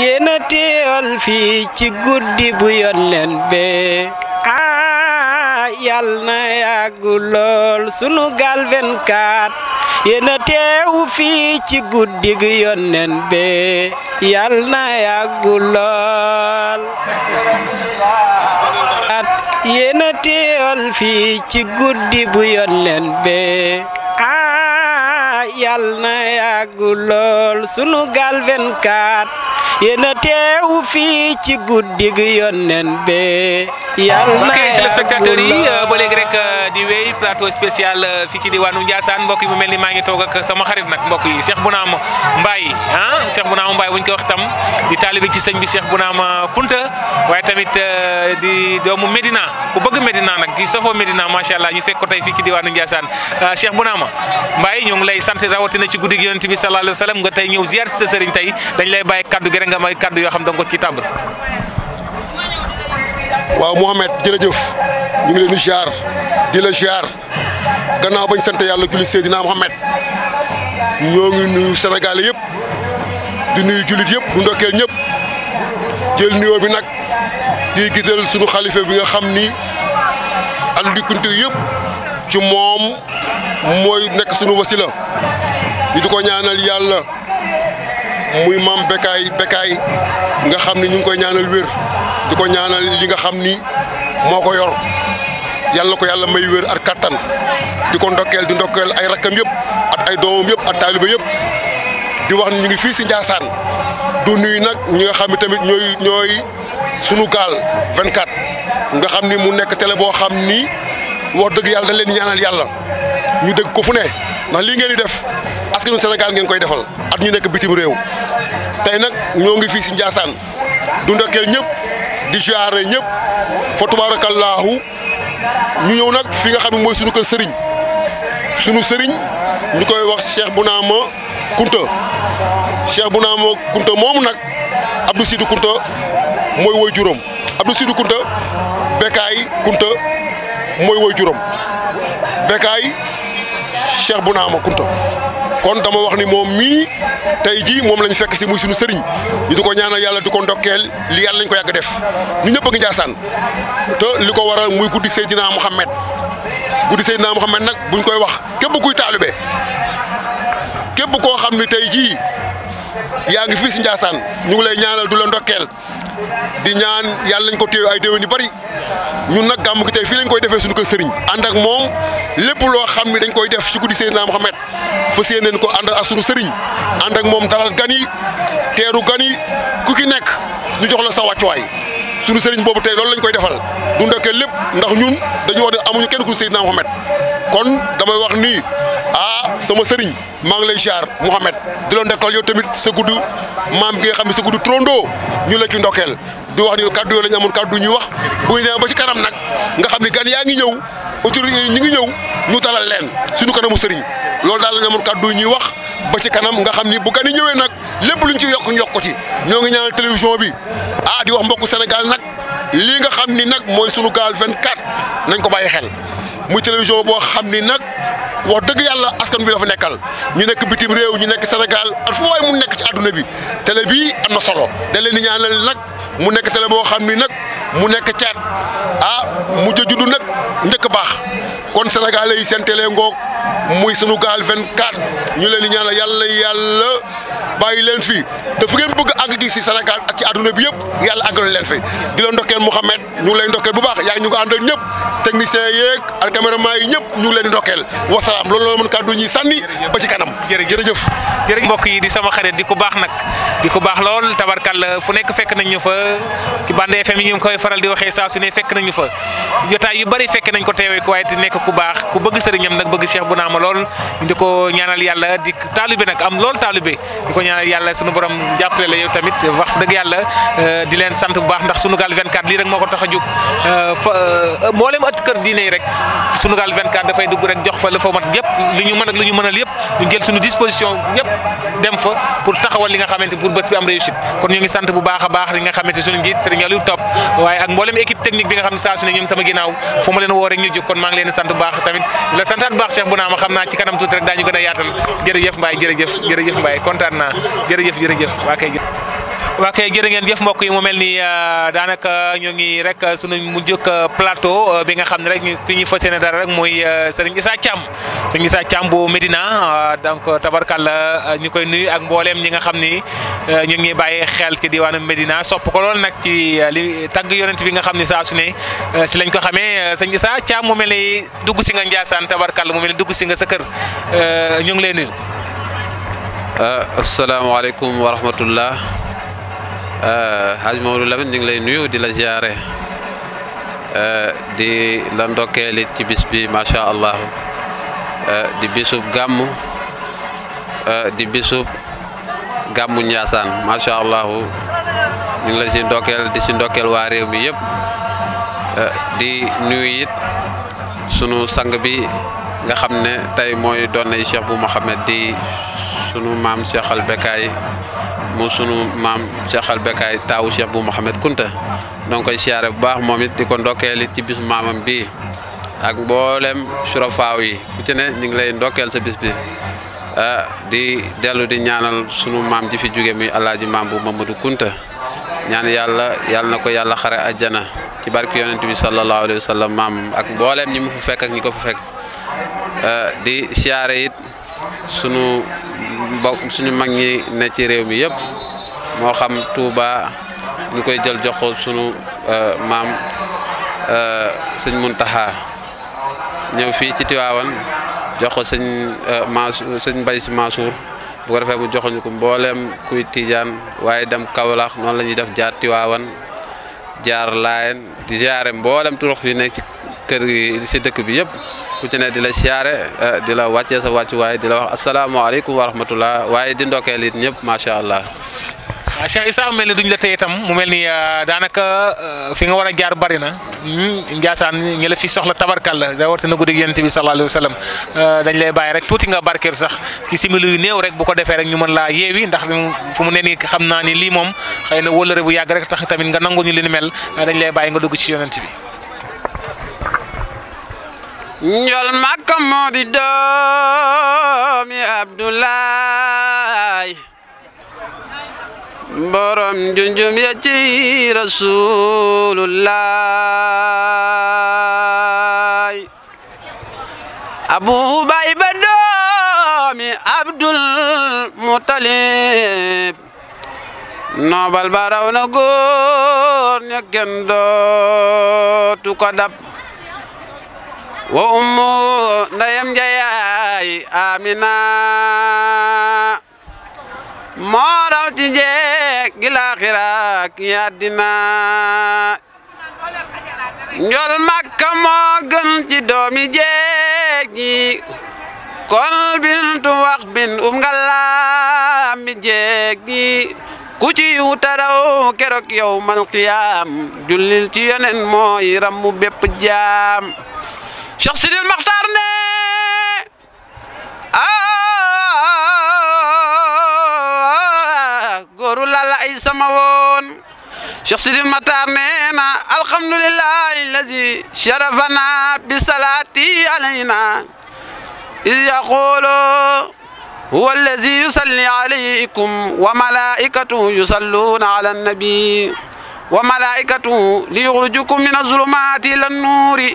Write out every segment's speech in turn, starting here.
yéena teewal fii ci guddi bu yónneen bee ah yal na yàgg lool sunu gaal 24 yéena ci guddi gu yónneen bee yal na yàgg teewal fii ci guddi bu yónneen be yal na yàgg lool sunu gaal 24 teewu fii ci guddi gi yónneen be yal na yàgg lool téléspectateurs yi ba léegi rek euh, di wéy plateau spécial euh, fii ci diwaanu Ndiassane mbokk yi mu mel ni maa ngi toog ak sama xarit nag mbokk yi Cheikh Bounam Mbaye ah Cheikh Bounam Mbaye bu ñu ko wax tam di taalibe ci sëñ bi Cheikh Bounam Kunta waaye tamit euh, di doomu Medina ku bëgg di safoo Medina macha allah ñu fekk ko tey fii ci diwaanu Ndiassane euh, Cheikh Bounama Mbaye ñu ngi lay sant rawatina ci guddi gi yonent bi sallallahu alayhi wa sallam nga tey ñëw dañ lay bàyyi kaddu gi may kaddu yoo xam da nga waaw Mouhamed jërëjëf ñu ngi leen di ziar di gannaaw bañ sant yàlla julli Seydina Mouhamed ñoo ngi nuyu Sénégal yëpp di nuyu jullit yëpp du ndokkeel ñëpp jël nuyoo bi nag di gisal sunu xalife bi nga xam ni. ak ndikkunte yëpp ci moom mooy nekk suñu wasila ñu di ko ñaanal yàlla muy maam Bécaye Bécaye nga xam ni ñu ngi koy ñaanal wér di ko ñaanal li nga xam ni moo ko yor yàlla ko yàlla may wér ak kattan di ko ndokkeel di ndokkeel ay rakkam yëpp ak ay doomam yëpp ak taaliba yëpp di wax ni ñu ngi fii si Ndiassane du nuyu nag ñi nga xam ne tamit ñooy ñooy sunu gaal 24. nga xam ni mu nekk tele boo xam ni wax dëgg yàlla dañ leen ñaanal yàlla ñu dégg ko fu ne ndax lii ngeen di def askanu senegal ngeen koy defal at ñu nekk bitim réew tey nag ñoo ngi fii si Ndiassane du ndokkeel ñëpp di ziare ñëpp fa tabaarakallaahu ñu ñëw nag fi nga xam ne mooy suñu ko sëriñ suñu sëriñ ñu koy wax Cheikh Bounama Kounta Cheikh Bounama Kounta moomu nag Abdou Sidou Kounta mooy woy juróom Abdou Sidou Kunta Bekaay Kunta mooy woy juróom bu naa Bunaama Kunta kon dama wax ni moom mii tey jii moom lañu fekk si muy suñu sëriñ ñu di ko ñaanal yàlla di ko ndokkeel li yàlla lañ ko yàgg def ñu ñëpp a ngi Njaasaan te li ko waral muy guddi Seydina Mouhamed guddi Seydina Mouhamed nag buñ koy wax képp kuy taalibe képp koo xam ni tey jii yaa ngi fii si Ndiassane ñu ngi lay ñaanal du la ndokkeel di ñaan yàlla nañ ko téew ay déwén yu bari ñun nag gàmmu gi tey fii lañ koy defee suñu ko sëriñ ànd ak moom lépp loo xam ne dañ koy def ci guddi Seydina Mohamed fas yéeneen ko ànd ak suñu sëriñ ànd moom dalal gan teeru gan ku ki nekk ñu jox la sa wàccuwaay sunu sëriñ boobu tey loolu lañ koy defal du ndokkeel lépp ndax ñun dañu wax ne amuñu kenn ku Seydina Mohamed kon damay wax nii ah sama sëriñ maa ngi lay ziar Mouhamed di loon ndekkal yow tamit sa gudd maam gi nga xam ne sa gudd trondoo ñu la ci ndokkeel di wax ni kaddu yoo la ñu amoon kaddu ñuy wax bu ba ci kanam nag nga xam ni gan yaa ngi ñëw autorité yi ñu ngi ñëw ñu talal leen suñu kanamu sëriñ loolu daal la ñu amoon kaddu ñuy wax ba ci kanam nga xam ni bu gan yi ñëwee nag lépp luñ ci yokk ñu ko ci ñoo ngi ñaanal télévision bi ah di wax mbokku Sénégal nag lii nga xam ni nag mooy sunu gaal 24 nañ ko bàyyi xel muy télévision boo xam ni nag wax dëgg yàlla askan bi a fa nekkal ñu nekk bitim réew ñu nekk Sénégal ak fu waay mu nekk ci àdduna bi tele bii am na solo da leen di ñaanal nag mu nekk télé boo xam ni nag mu nekk caat ah mu juddu nag njëkk baax kon sénégalais yi seen télé ngoog muy sunu gaal 24 ñu leen di ñaanal yàlla yàlla. bàyyi leen fii te fu ngeen bëgg àgg gi si Sénégal ak ci àdduna bi yëpp yàlla àggal leen fi di la ndokkeel Mouhamed ñu ngi lay ndokkeel bu baax yaa ñu ko àndal ñëpp technicien yeeg ak yi ñëpp ñu ngi leen di ndokkeel wasalaam loolu la mën kàddu ñuy sànni ba ci kanam jërëjëf jërëjëf mbokk yi di sama xarit di ku baax nag di ku baax lool tabarkàlla fu nekk fekk nañ ñu fa ci bande FM yi ñu koy faral di waxee saa su ne fekk nañu fa jotaay yu bari fekk nañ ko teewee ko waaye te nekk ku baax ku bëgg sëriñam nag bëgg Cheikh Bounama lool di ko ñaanal yàlla di taalibe nag am lool taalibe ñaanal yàlla sunu borom jàppale la yow tamit wax dëgg yàlla euh, di leen sant bu baax ndax Sunugal 24 lii rek moo ko a euh, euh, taxawal li nga xamante pour bés bi am réussite kon ñu ngi sant bu baax a baax li nga xamante suñu njiit Serigne Aliou Top waaye ak mboolem équipe technique bi nga xam saa su ne sama ginnaaw fu ma leen woo rek ñu jóg kon maa ngi leen sant bu baax tamit la santaat bu baax Cheikh bu naa ma xam naa ci kanam tuuti rek daañu gën a yaatal jërëjëf jërëjëf waa kay waa kay jërë ngeen jëf mbokk yi mu mel ni euh, daanaka ñoo ngi rek euh, sunu mujjug euh, plateau bi nga xam ne rek ñu ki ñuy fas yéene dara rek mooy Serigne Issa Thiam Serigne Issa Thiam bu Medina donc tabarkàlla ñu koy nuyu ak mbooleem ñi nga xam ni ñu ngi bàyyi xel ci diwaanu Medina sopp ko lool nag ci li tagg yonent bi nga xam ni saa su ne si lañ ko xamee Serigne Issa Thiam mu mel ni dugg si nga Ndiassane tabarkàlla mu mel ni dugg si nga sa kër ñu ngi lay nuyu. Euh, asalaamaaleykum wa rahmatullah euh, haj Mamadou Lamine ñu ngi lay nuyu di la ziare euh, di la ndokkeelit ci bis bi macha allah di bisub gàmm di bisub gàmmu Njaasaan macha allah ñu ngi la si ndokkeel di si ndokkeel waa réew mi yëpp di nuyu it sunu sang bi nga xam ne tey mooy doon nay cheikh bu Mohamed di. sunu maam Cheikh Al Bekkay mu sunu maam Cheikh Al Bekkay taawu Cheikh bu Mouhamed Kunta doo koy siyaare bu baax moom it di ko ndokkeel it ci bisu maamam bi ak mboolem surafaaw yi ku ci ne ñu ngi lay ndokkeel sa bis bi ah, di dellu di ñaanal sunu maam ji fi jóge muy alaaji maam bu Mamadou Kunta ñaan yàlla yàlla na ko yàlla xare ajana ci barki yonent bi sallallahu alayhi wa maam ak mbooleem ñi mu fa fekk ak ñi ko fu fekk ah, di siyaare it sunu mbokk suñu mag ñi ne ci réew mi yëpp moo xam Touba ñu koy jël jox ko sunu euh, maam euh, sëñ Muntaxa ñëw fi ci Tiwaawan jox ko sëñ euh, Mansu sëñ Mbay Si Mansuur bu ko mu joxuñu ko mbooleem kuy Tijaan waaye dem Kawlax noonu lañuy def jaar Tiwaawan jaar Laayeen di ziare mboolem turux yi nekk ci kër gi ci dëkk bi yëpp. ku ci ne di la siyaare eh, di la wàccee sa wàccuwaay di la wax asalaamaaleykum wa rahmatullah waaye di ndokkeel it ñëpp macha allah. waaw Cheikh Issa mel ni duñ la tey itam mu mel ni eh, daanaka eh, fi nga war a jaar bari na hmm, Ndiassane ñi la fi soxla tabarkal la rawatina guddi yonent bi sallallahu alayhi wa sallam dañ lay bàyyi rek tuuti nga barkeer sax ci simili yu néew rek bu ko defee rek ñu mën laa yeewi ndax fu mu ne nii xam naa ni lii moom xëy na wóllare bu yàgg rek tax tamit nga nangu ñu leen mel dañ lay bàyyi nga dugg ci yonent bi. njol makka moo doomi Abdoulaye borom junjum ya ci Rasulullah Abu doomi Abdul Muttalib nobal na góor ña kenn dootu ko dab wa ummu ndeyam njayaay amina moo raw ci jeeg gi laaxira ki njol makka moo ci doomi jeeg yi kon bintu wax um nga laam bi jeeg yi ku ci wutaraw keroog yow mal qiyaam jullil ci yonen mooy rammu bépp jaam Cheikh Sidil Maxtaar ne ah, ah, ah, ah góoru lalla ay sama woon Cheikh Sidil Maxtaar nee na alhamdulillahi allazi sharafana bi salati alayna iz yaqulu huwa allazi yusalli alaykum wa malaikatuhu yusalluna ala nabi wa malaikatuhu liyukhrijukum min az-zulumati ila an-nuri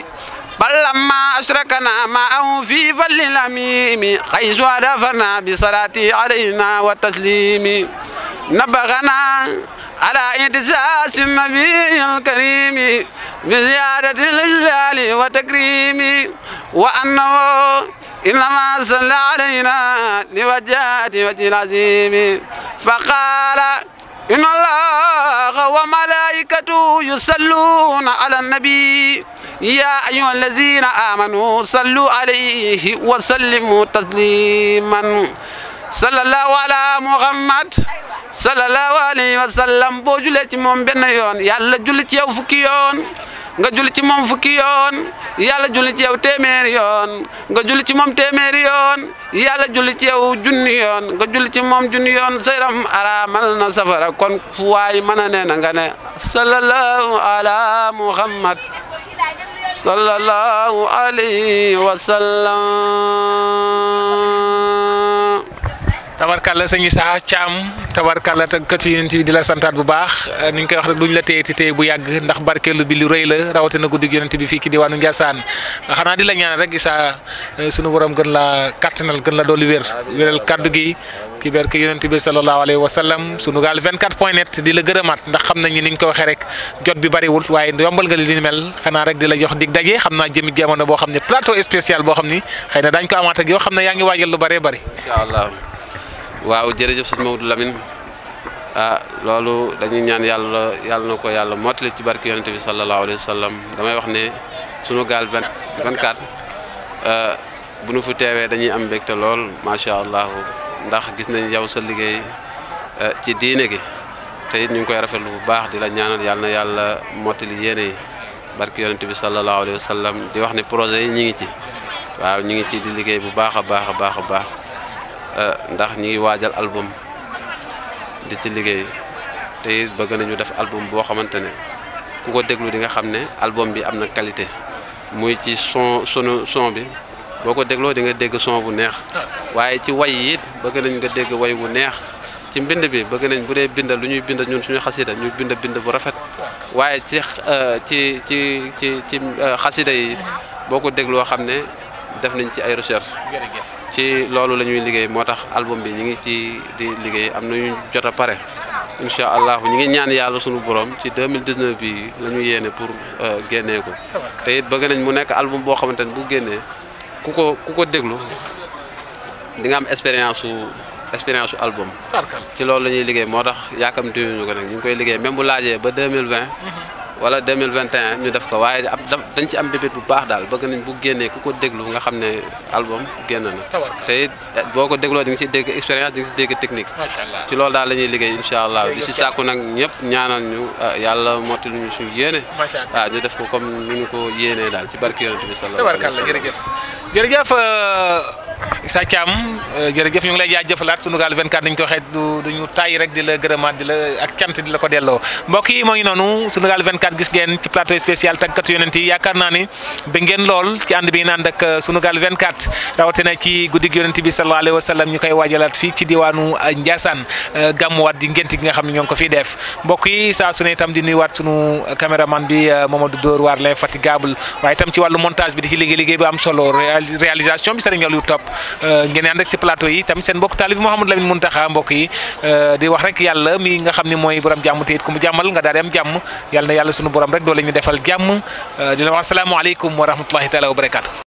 بل لما أشركنا معه في فل الأميم حيث عرفنا بصلاة علينا والتسليم نبغنا على إدساس النبي الكريم بزيادة الإجلال وتكريم وأنه إنما صلى علينا لوجهة وجه العظيم فقال إن الله وملائكته يصلون على النبي يا أيها الذين آمنوا صلوا عليه وسلموا تسليما صلى الله على محمد صلى الله عليه وسلم boo jullee ci moom benn yoon yàlla julli ci yow fukki yoon nga julli ci moom fukki yoon yàlla julli ci yow téeméeri nga julli ci moom téeméeri yoon yàlla julli ci yow junni yoon nga julli ci moom junni yoon sayram araamal na safara kon fu waay mën a ne na nga ne sallallahu muhammad sallallahu alayhi wa tabarkalla sëñ Issa Thiam tabarkalla te di la santaat bu baax eh, ni ñu koy wax rek duñ la téye te téye bu yàgg ndax barkeelu bi lu rëy la rawatina guddi gi yonent bi fii ki diwaanu Ndiassane eh, xanaa di la ñaan rek Issa eh, sunu borom gën la kattanal gën la dolli wér wéral kaddu gi ci barke yonent bi sallallahu alayhi wa sallam sunu gaal 24 point net di la gërëmaat ndax xam na ni niñ ko waxee rek jot bi bariwul waaye yombal nga li ni mel xanaa rek di la jox dig daje xam naa jëmi jamono boo xam ne plateau spécial boo xam ni xëy na daañu ko amaat ak yow xam na yaa ngi waajal lu bëree bëri waaw jërëjëf sëñ Maodo Lamine ah loolu dañuy ñaan yàlla yàlla na ko yàlla mottali ci barki yonente bi sallallahu alayhi wa damay wax ne sunu gaal 24 euh, bu nu fu teewee dañuy am mbégte lool macha allah ndax gis nañ yow sa liggéey euh, ci diine gi tey it ñu ngi koy rafetlu bu baax di la ñaanal yàlla na yàlla mottali yéene yi barki yonente bi sallallahu alayhi wa di wax ne projet yi ñu ngi ci waaw ñu ngi ci di liggéey bu baax a baax a baax a baax. Eh, ndax ñi ngi waajal album di ci liggéey te bëgg nañu def album boo xamante ne ku ko déglu di nga xam ne album bi am na qualité muy ci son sonu son bi boo ko dégloo di nga dégg son bu neex waaye ci way yit bëgg nañ nga dégg way bu neex ci mbind bi bëgg nañ bu dee bind lu ñuy bind ñun suñu xasida ñu bind bind bu rafet waaye eh, ci ci ci ci ci eh, xasida yi mm-hmm. boo ko dégloo xam ne def nañ ci ay recherche ci loolu la ñuy liggéey moo tax album bi ñi ngi ci di liggéey am na ñu jot a pare incha allahu ñi ngi ñaan yàlla sunu borom ci 2019 bi la ñu yéene pour euh, génnee ko te it bëgg nañ mu nekk album boo xamante ne bu génnee ku ko ku ko déglu di nga am expérience su expérience su album ci loolu la ñuy liggéey moo tax yaakamtiwuñu ko nag ñu ngi koy liggéey même bu laajee ba 2020 wala 2021 ñu def ko waaye dañ ci am début bu baax daal bëgg nañ bu génnee ku ko déglu nga xam ne album génn na. te it eh, boo ko dégloo di nga si dégg expérience di nga si dégg technique. ci loolu daal la ñuy liggéey incha allah. di si sàkku nag ñëpp ñaanal ñu eh, yàlla motti lu ñu suñu yéene. macha ñu def ko comme ni ñu ko yéenee daal ci barki yonent bi sallallahu alayhi wa sallam. tabarkalla jërëjëf euh, Issa Thiam euh, jërëjëf ñu ngi lay jaajëfalaat Sunugal 24 ni ñu ko waxee du duñu tàyyi rek di la gërëmaat di la ak cant di la ko delloo mbokk yi moo ngi noonu Sunugal 24 gis ngeen ci plateau spécial tàggatu yonent yi yaakaar naa ni bi ngeen lool ci ànd bi ngeen ànd ak euh, Sunugal 24 rawatina ci guddig yonent bi sallallahu alayhi wa ñu koy waajalaat fii ci diwaanu euh, Ndiassane gàmmuwaat di ngénti gi nga xam ne ñoo ngi ko fiy def mbokk yi saa su ne itam di nuyuwaat sunu caméraman bi Mamadou Dóor waar l'infatigable waaye itam ci wàllu montage bi di ci liggéey liggéey bu am solo réalisation bi sëriñ Aliou Top Euh, ngeen ànd ak si plateau yi tam seen mbokk taalib la mun Mountakha mbokk yi euh, di wax rek yàlla mi nga xam ne mooy borom jàmm te it ku mu jàmmal nga daal di jàmm yàlla yàlla sunu borom rek doo la ñu defal jàmm euh, di la wax asalaamaaleykum wa rahmatulahi taala wa barakaatu.